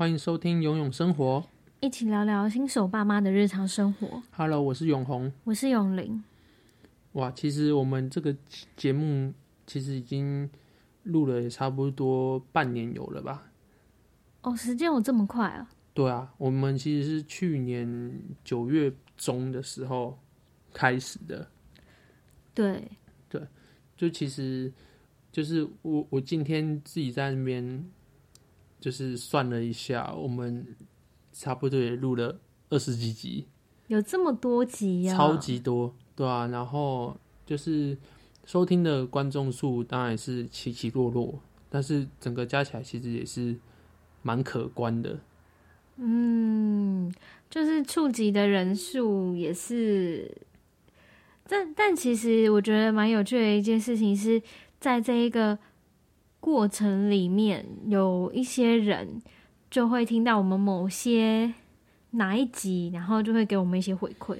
歡迎收聽《永詠生活》，一起聊聊新手爸媽的日常生活。Hello，我是永紅，我是永玲。哇，其實我們這個節目其實已經錄了也差不多半年有了吧？哦，oh, 時間有這麼快啊？對啊，我們其實是去年九月中的時候開始的。對對，就其實就是我我今天自己在那邊。就是算了一下，我們差不多也錄了二十幾集，有這麼多集呀？啊！超級多，對啊。然後就是收聽的觀眾數，當然是起起落落，但是整個加起來其實也是蠻可觀的。嗯，就是觸及的人數也是，但但其實我覺得蠻有趣的一件事情是在這一個。過程裡面有一些人就會聽到我們某些哪一集，然後就會給我們一些回饋。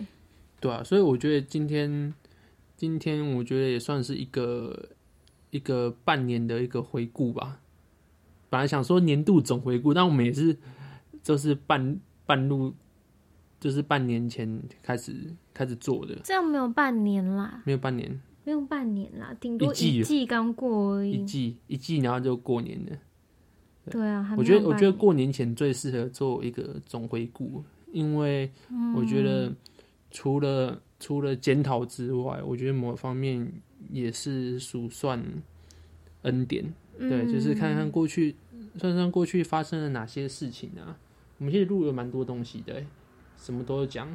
對啊，所以我覺得今天今天我覺得也算是一個一個半年的一個回顧吧。本來想說年度總回顧，但我們也是就是半半路就是半年前開始開始做的，這樣沒有半年啦，沒有半年。不用半年啦，頂多一季剛過而已。一季，一季然後就過年了。對，對啊，我覺得我覺得過年前最適合做一個總回顧，因為我覺得除了、嗯、除了檢討之外，我覺得某方面也是數算恩典，嗯、對，就是看看過去算算過去發生了哪些事情啊。我們其實錄了蠻多東西的，什麼都講。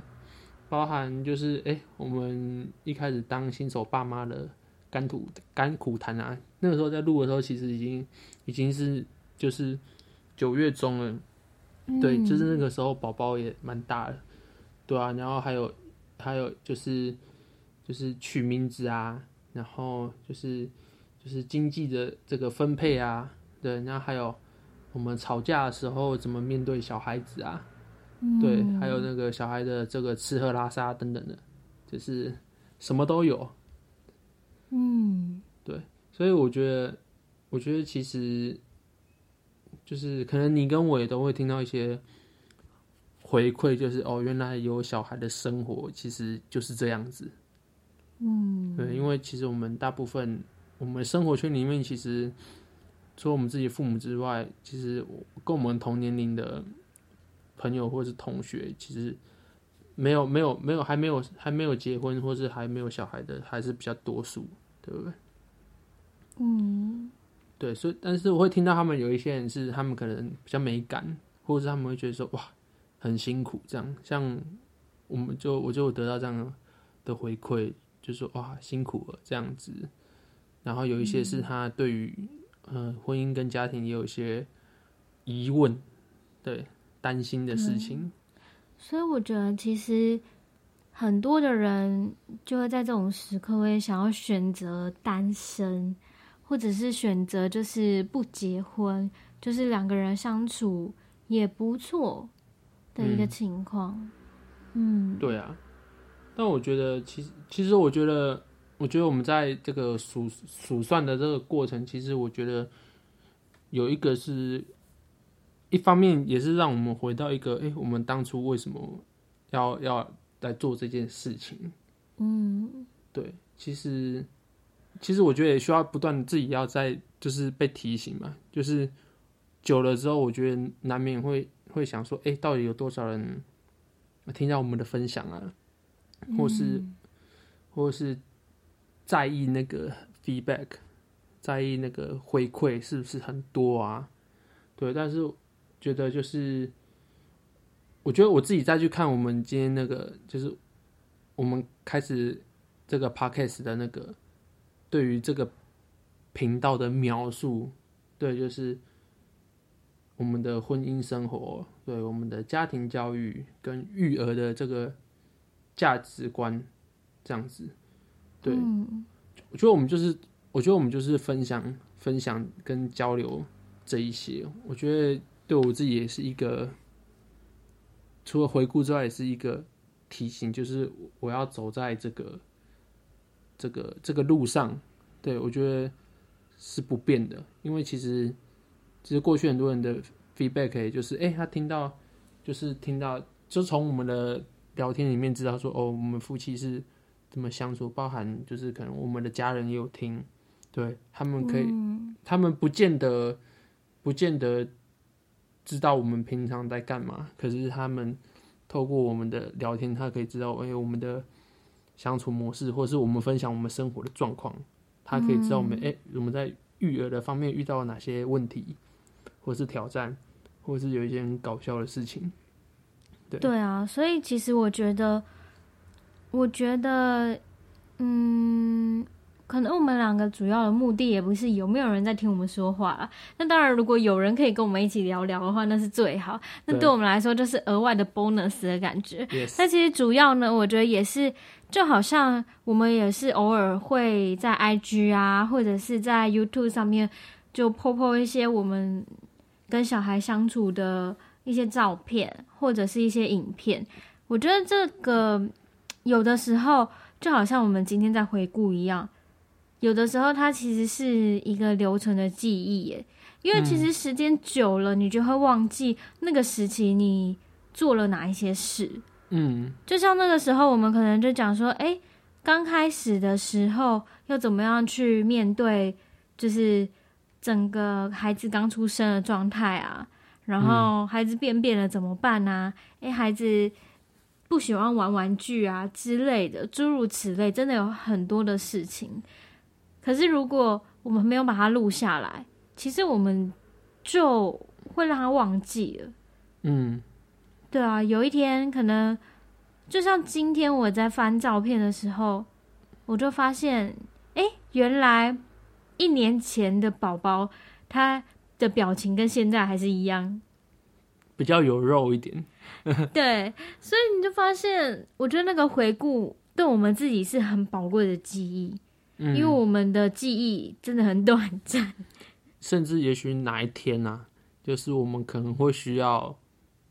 包含就是哎、欸，我們一開始當新手爸媽的甘苦甘苦談啊，那個時候在錄的時候，其實已經已經是就是九月中了，嗯、對，就是那個時候寶寶也蠻大了，對啊，然後還有還有就是就是取名字啊，然後就是就是經濟的這個分配啊，對，然後還有我們吵架的時候怎麼面對小孩子啊。對，還有那個小孩的這個吃喝拉撒等等的，就是什麼都有。嗯，對，所以我覺得，我覺得其實就是可能你跟我也都會聽到一些回饋，就是哦，原來有小孩的生活其實就是這樣子。嗯，對，因為其實我們大部分我們生活圈裡面，其實除了我們自己父母之外，其實跟我們同年齡的朋友或者是同學，其實沒有沒有沒有還沒有還沒有結婚，或者是還沒有小孩的，還是比較多數，對不對？嗯，對，所以但是我會聽到他們有一些人是他們可能比較美感，或者是他們會覺得說哇很辛苦這樣，像我們就我就有得到這樣的回饋，就說哇辛苦了這樣子。然後有一些是他對於嗯、呃、婚姻跟家庭也有一些疑問，對。擔心的事情，嗯，所以我覺得其實很多的人就會在這種時刻會想要選擇單身，或者是選擇就是不結婚，就是兩個人相處也不錯的一個情況。嗯，嗯對啊。但我覺得其，其實其實我覺得，我覺得我們在這個數數算的這個過程，其實我覺得有一個是。一方面也是讓我們回到一個，哎、欸，我們當初為什麼要要來做這件事情？嗯，對，其實其實我覺得也需要不斷自己要在，就是被提醒嘛。就是久了之後，我覺得難免會會想說，哎、欸，到底有多少人聽到我們的分享啊？或是、嗯、或是在意那個 feedback，在意那個回饋是不是很多啊？對，但是。覺得就是，我覺得我自己再去看我們今天那個，就是我們開始這個 podcast 的那個，對於這個頻道的描述，對，就是我們的婚姻生活，對我們的家庭教育跟育兒的這個價值觀，這樣子，對，我覺得我們就是，我覺得我們就是分享、分享跟交流這一些，我覺得。對，我自己也是一個，除了回顧之外，也是一個提醒，就是我要走在這個這個這個路上。對，我覺得是不變的，因為其實其實過去很多人的 feedback 也就是，哎，他聽到就是聽到，就從我們的聊天裡面知道說，哦，我們夫妻是怎麼相處，包含就是可能我們的家人也有聽，對他們可以，嗯、他們不見得不見得，知道我們平常在幹嘛，可是他們透過我們的聊天，他可以知道，誒、欸，我們的相處模式，或是我們分享我們生活的狀況，他可以知道我們，誒、嗯欸，我們在育兒的方面遇到了哪些問題，或是挑戰，或是有一些很搞笑的事情。對對啊，所以其實我覺得，我覺得，嗯。可能我們兩個主要的目的也不是有沒有人在聽我們說話了。那當然，如果有人可以跟我們一起聊聊的話，那是最好。那對我們來說，就是額外的 bonus 的感覺。那對其實主要呢，我覺得也是，就好像我們也是偶爾會在 IG 啊，或者是在 YouTube 上面就 po po 一些我們跟小孩相處的一些照片，或者是一些影片。我覺得這個有的時候，就好像我們今天在回顧一樣。有的時候，它其實是一個留存的記憶耶，因為其實時間久了，嗯、你就會忘記那個時期你做了哪一些事。嗯，就像那個時候，我們可能就講說，誒、欸，剛開始的時候要怎麼樣去面對，就是整個孩子剛出生的狀態啊，然後孩子便便了怎麼辦啊？誒、嗯欸，孩子不喜歡玩玩具啊之類的，諸如此類，真的有很多的事情。可是，如果我們沒有把它錄下來，其實我們就會讓它忘記了。嗯，對啊，有一天可能就像今天我在翻照片的時候，我就發現，哎、欸，原來一年前的寶寶他的表情跟現在還是一樣，比較有肉一點。 對，所以你就發現，我覺得那個回顧對我們自己是很寶貴的記憶。因為我們的記憶真的很短暫、嗯，甚至也許哪一天啊，就是我們可能會需要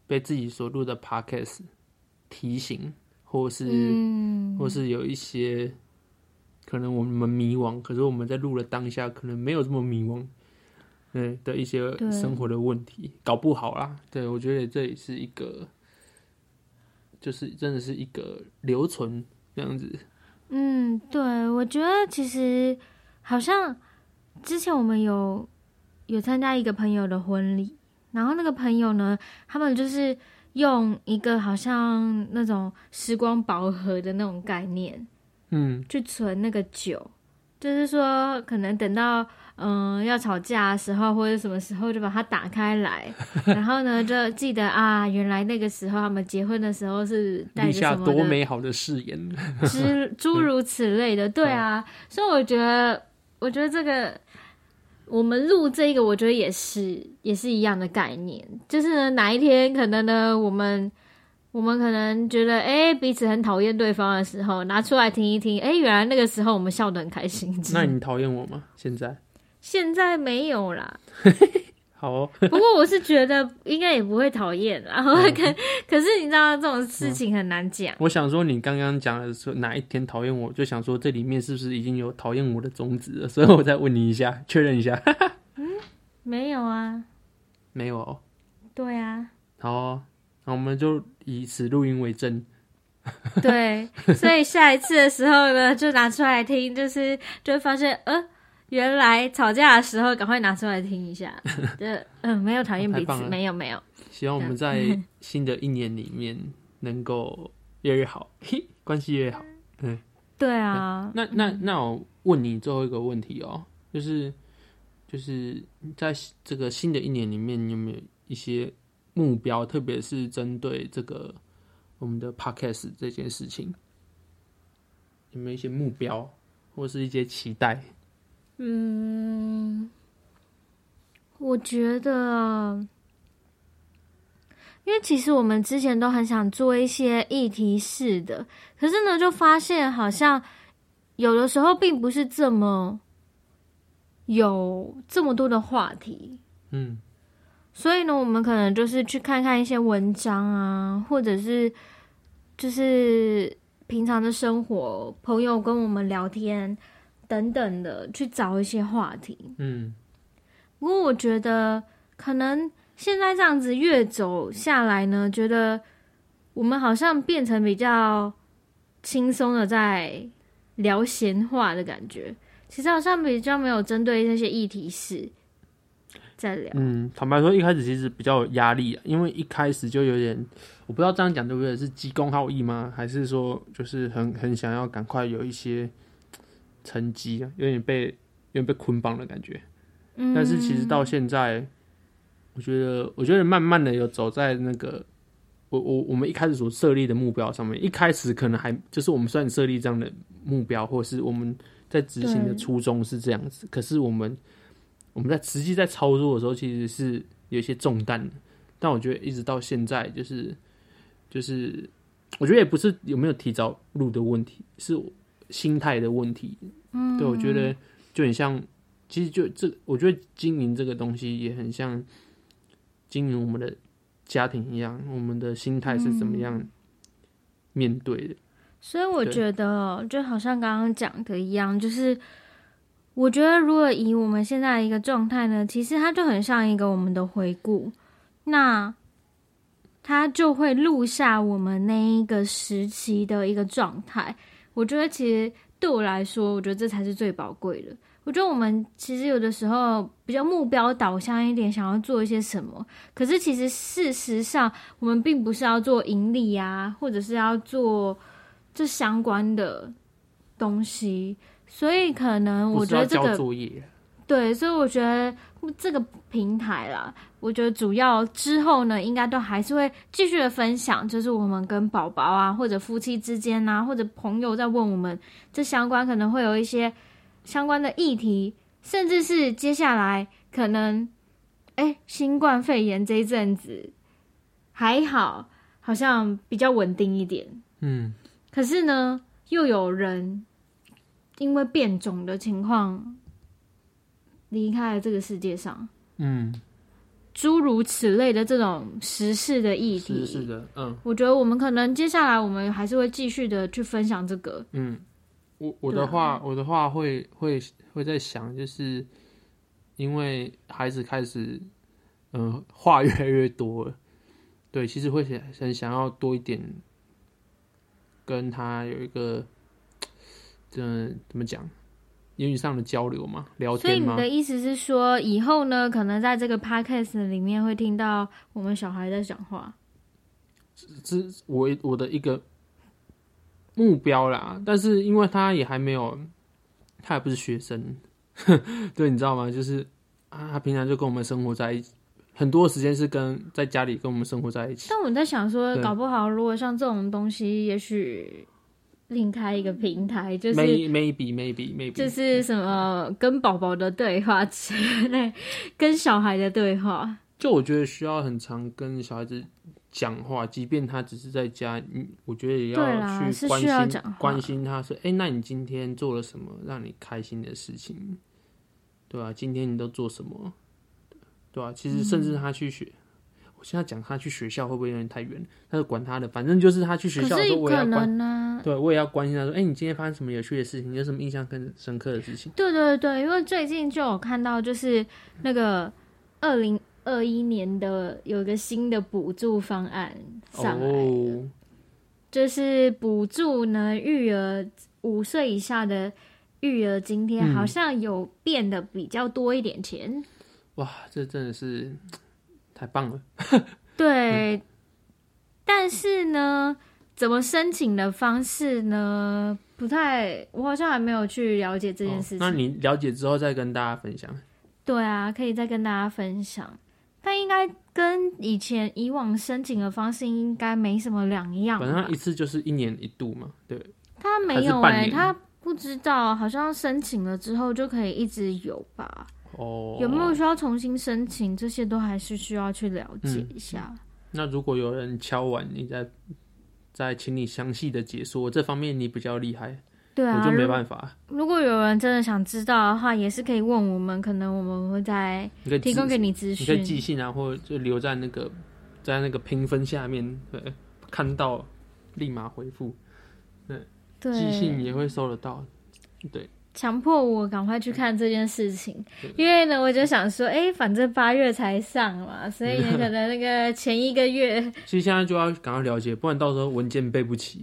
被自己所錄的 podcast 提醒，或是、嗯、或是有一些可能我們迷惘，可是我們在錄的當下，可能沒有這麼迷惘。對的一些生活的問題，對搞不好啦。對我覺得這也是一個，就是真的是一個留存這樣子。嗯，對，我覺得其實好像之前我們有有參加一個朋友的婚禮，然後那個朋友呢，他們就是用一個好像那種時光寶盒的那種概念，嗯，去存那個酒，嗯、就是說可能等到。嗯，要吵架的時候或者什麼時候，就把它打開來，然後呢，就記得啊，原來那個時候他們結婚的時候是帶著什麼的立下多美好的誓言，之 諸如此類的，對啊，嗯、所以我覺得，我覺得這個我們錄這個，我覺得也是也是一樣的概念，就是呢，哪一天可能呢，我們我們可能覺得哎、欸、彼此很討厭對方的時候，拿出來聽一聽，哎、欸、原來那個時候我們笑得很開心。那你討厭我嗎？現在？現在沒有啦， 好哦。 不過我是覺得應該也不會討厭，然後可、嗯、可是你知道這種事情很難講、嗯。我想說你剛剛講的時候，哪一天討厭我，就想說這裡面是不是已經有討厭我的種子了？所以我再問你一下，確、嗯、認一下。 嗯，沒有啊，沒有、哦。對啊，好那、哦、我們就以此錄音為證。 對，所以下一次的時候呢，就拿出來聽，就是就會發現呃。原來吵架的時候，趕快拿出來聽一下。對， 嗯，沒有討厭彼此，沒有、哦、沒有。沒有希望我們在新的一年裡面能夠越來越好，嘿， 關係越好。對、嗯，對啊。嗯、那那那我問你最後一個問題哦、喔，就是就是在這個新的一年裡面，你有沒有一些目標，特別是針對這個我們的 podcast 這件事情，有沒有一些目標或是一些期待？嗯，我覺得，因為其實我們之前都很想做一些議題式的，可是呢，就發現好像有的時候並不是這麼有這麼多的話題。嗯，所以呢，我們可能就是去看看一些文章啊，或者是就是平常的生活，朋友跟我們聊天。等等的去找一些話題，嗯，不過我覺得可能現在這樣子越走下來呢，覺得我們好像變成比較輕鬆的在聊閒話的感覺，其實好像比較沒有針對那些議題式在聊。嗯，坦白說，一開始其實比較有壓力啊，因為一開始就有點，我不知道這樣講對不對，是急公好義嗎？還是說就是很很想要趕快有一些。沉積啊，有點被有點被捆綁的感覺。但是其實到現在，我覺得，我覺得慢慢的有走在那個，我我我們一開始所設立的目標上面。一開始可能還就是我們算設立這樣的目標，或是我們在執行的初衷是這樣子，可是我們我們在實際在操作的時候，其實是有一些重擔，但我覺得一直到現在，就是就是我覺得也不是有沒有提早錄的問題，是我。心態的問題，嗯，對，我覺得就很像，其實就這，我覺得經營這個東西也很像經營我們的家庭一樣，我們的心態是怎麼樣面對的。嗯，所以我覺得，就好像剛剛講的一樣，就是我覺得如果以我們現在的一個狀態呢，其實它就很像一個我們的回顧，那它就會錄下我們那一個時期的一個狀態。我覺得其實對我來說，我覺得這才是最寶貴的。我覺得我們其實有的時候比較目標導向一點，想要做一些什麼，可是其實事實上，我們並不是要做盈利啊，或者是要做這相關的東西，所以可能我覺得這個，對，所以我覺得。這個平台啦，我覺得主要之後呢，應該都還是會繼續的分享，就是我們跟寶寶啊，或者夫妻之間啊，或者朋友在問我們這相關，可能會有一些相關的議題，甚至是接下來可能，誒，新冠肺炎這一陣子還好，好像比較穩定一點，嗯，可是呢，又有人因為變種的情況。離開了這個世界上，嗯，諸如此類的這種時事的議題，是，是的，嗯，我覺得我們可能接下來我們還是會繼續的去分享這個，嗯，我我的話，啊、我的話會會會在想，就是因為孩子開始，嗯、呃，話越來越多了，對，其實會很想要多一點跟他有一個，這、呃、怎麼講？言語上的交流嘛，聊天嘛。所以你的意思是說，以後呢，可能在這個 podcast 裡面會聽到我們小孩在講話。這我我的一個目標啦，嗯、但是因為他也還沒有，他也不是學生， 對，你知道嗎？就是他、啊、他平常就跟我們生活在一起，很多時間是跟在家裡跟我們生活在一起。但我在想說，對搞不好如果像這種東西，也許。另開一個平台，就是 maybe maybe maybe，就是什麼跟寶寶的對話 跟小孩的對話。就我覺得需要很常跟小孩子講話，即便他只是在家，我覺得也要去關心，關心他說哎、欸，那你今天做了什麼讓你開心的事情？對吧、啊？今天你都做什麼？對吧、啊？其實甚至他去學，嗯、我現在講他去學校會不會有點太遠？他是管他的，反正就是他去學校的時候我也對，我也要關心他說：“哎、欸，你今天發生什麼有趣的事情？你有什麼印象更深刻的事情？”對對對，因為最近就有看到，就是那個二零二一年的有一個新的補助方案上來了、哦、就是補助呢育兒五歲以下的育兒津貼，好像有變得比較多一點錢。嗯、哇，這真的是太棒了！ 對，嗯、但是呢。怎麼申請的方式呢？不太，我好像還沒有去了解這件事情。哦，那你了解之後再跟大家分享。對啊，可以再跟大家分享。但應該跟以前以往申請的方式應該沒什麼兩樣。反正一次就是一年一度嘛，對。他沒有哎、欸，他不知道，好像申請了之後就可以一直有吧？哦，有沒有需要重新申請？這些都還是需要去了解一下。嗯，那如果有人敲完，你再。再請你詳細的解說這方面，你比較厲害，對啊，我就沒辦法。如果有人真的想知道的話，也是可以問我們，可能我們會再，你可以提供給你資訊，你可以寄信啊，或者就留在那個，在那個評分下面，對，看到立馬回復，對，寄信也會收得到，對。強迫我趕快去看這件事情，因為呢，我就想說，哎、欸，反正八月才上嘛，所以可能那個前一個月，所以 現在就要趕快了解，不然到時候文件備不齊。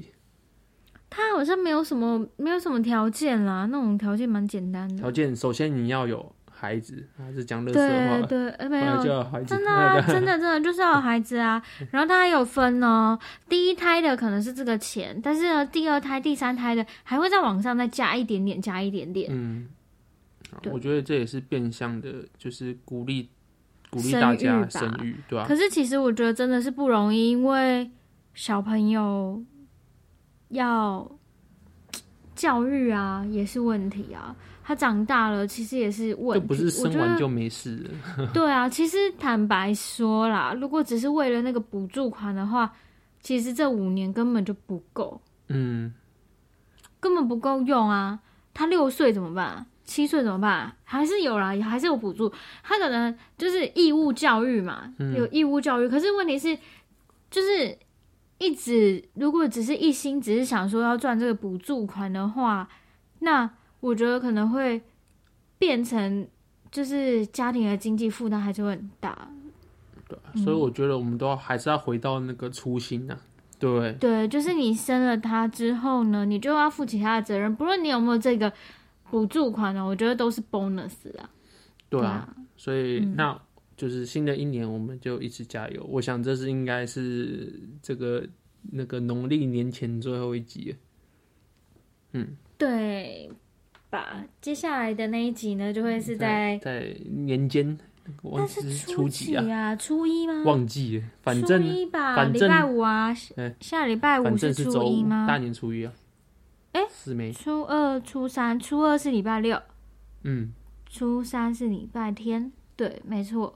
他好像沒有什麼，沒有什麼條件啦，那種條件蠻簡單的。條件首先你要有。孩子還是講垃圾話，對,對、欸、沒有,有孩子真的啊， 真的真的就是要有孩子啊。 然後他還有分哦，第一胎的可能是這個錢，但是呢，第二胎、第三胎的還會再往上再加一點點，加一點點。嗯，對我覺得這也是變相的，就是鼓勵鼓勵大家生育,生育，對吧、啊？可是其實我覺得真的是不容易，因為小朋友要。教育啊，也是問題啊。他長大了，其實也是問題。就不是生完就沒事。 對啊，其實坦白說啦，如果只是為了那個補助款的話，其實這五年根本就不夠。嗯，根本不夠用啊。他六歲怎麼辦、啊？七歲怎麼辦、啊？還是有啦，還是有補助。他可能就是義務教育嘛，有義務教育。嗯、可是問題是，就是。一直如果只是一心只是想說要賺這個補助款的話，那我覺得可能會變成就是家庭的經濟負擔還是會很大。對，所以我覺得我們都、嗯、還是要回到那個初心啊。對，對，就是你生了他之後呢，你就要負起他的責任，不論你有沒有這個補助款呢、啊，我覺得都是 bonus 啊。對啊，對啊，所以、嗯、那。就是新的一年，我們就一直加油。我想這是應該是這個那個農曆年前最後一集，嗯，對吧？接下來的那一集呢，就會是在、嗯、在，在年間，我、那個是，啊、是初幾啊？初一嗎？忘記了，反正初一吧，禮正拜五啊，對下禮拜五是初一嗎？大年初一啊，哎、欸，是沒錯，初二、初三，初二是禮拜六，嗯，初三是禮拜天，對，沒錯。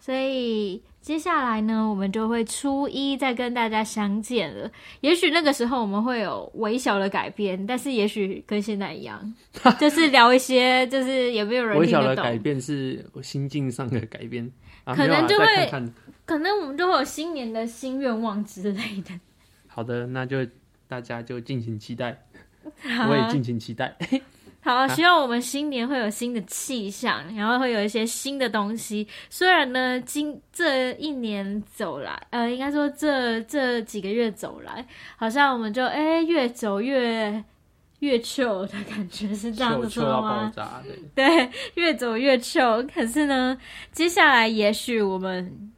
所以接下來呢，我們就會初一再跟大家相見了。也許那個時候我們會有微小的改變，但是也許跟現在一樣， 就是聊一些，就是有沒有人？微小的改變是心境上的改變，啊、可能就會，看看可能我們就會有新年的新願望之類的。好的，那就大家就敬請期待，啊、我也敬請期待。 好，希望我們新年會有新的氣象，啊、然後會有一些新的東西。雖然呢，今這一年走來，呃，應該說這這幾個月走來，好像我們就哎越走越越臭的感覺是這樣的，知道嗎？臭臭要爆炸對, 對，越走越臭，可是呢，接下來也許我們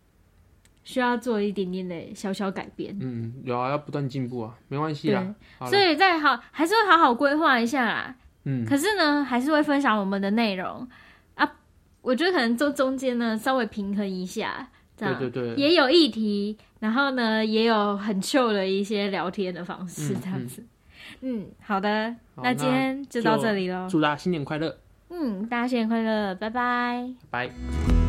需要做一點點的小小改變。嗯，有啊，要不斷進步啊，沒關係啦。對嘞所以再好，還是會好好規劃一下啦。嗯、可是呢，還是會分享我們的內容啊。我覺得可能做中間呢，稍微平衡一下，這樣對對對，也有議題，然後呢，也有很 chill 的一些聊天的方式，這樣子。嗯、嗯、嗯，好的，好，那今天就到這裡嘍。祝大家新年快樂！嗯，大家新年快樂，拜拜。拜、拜。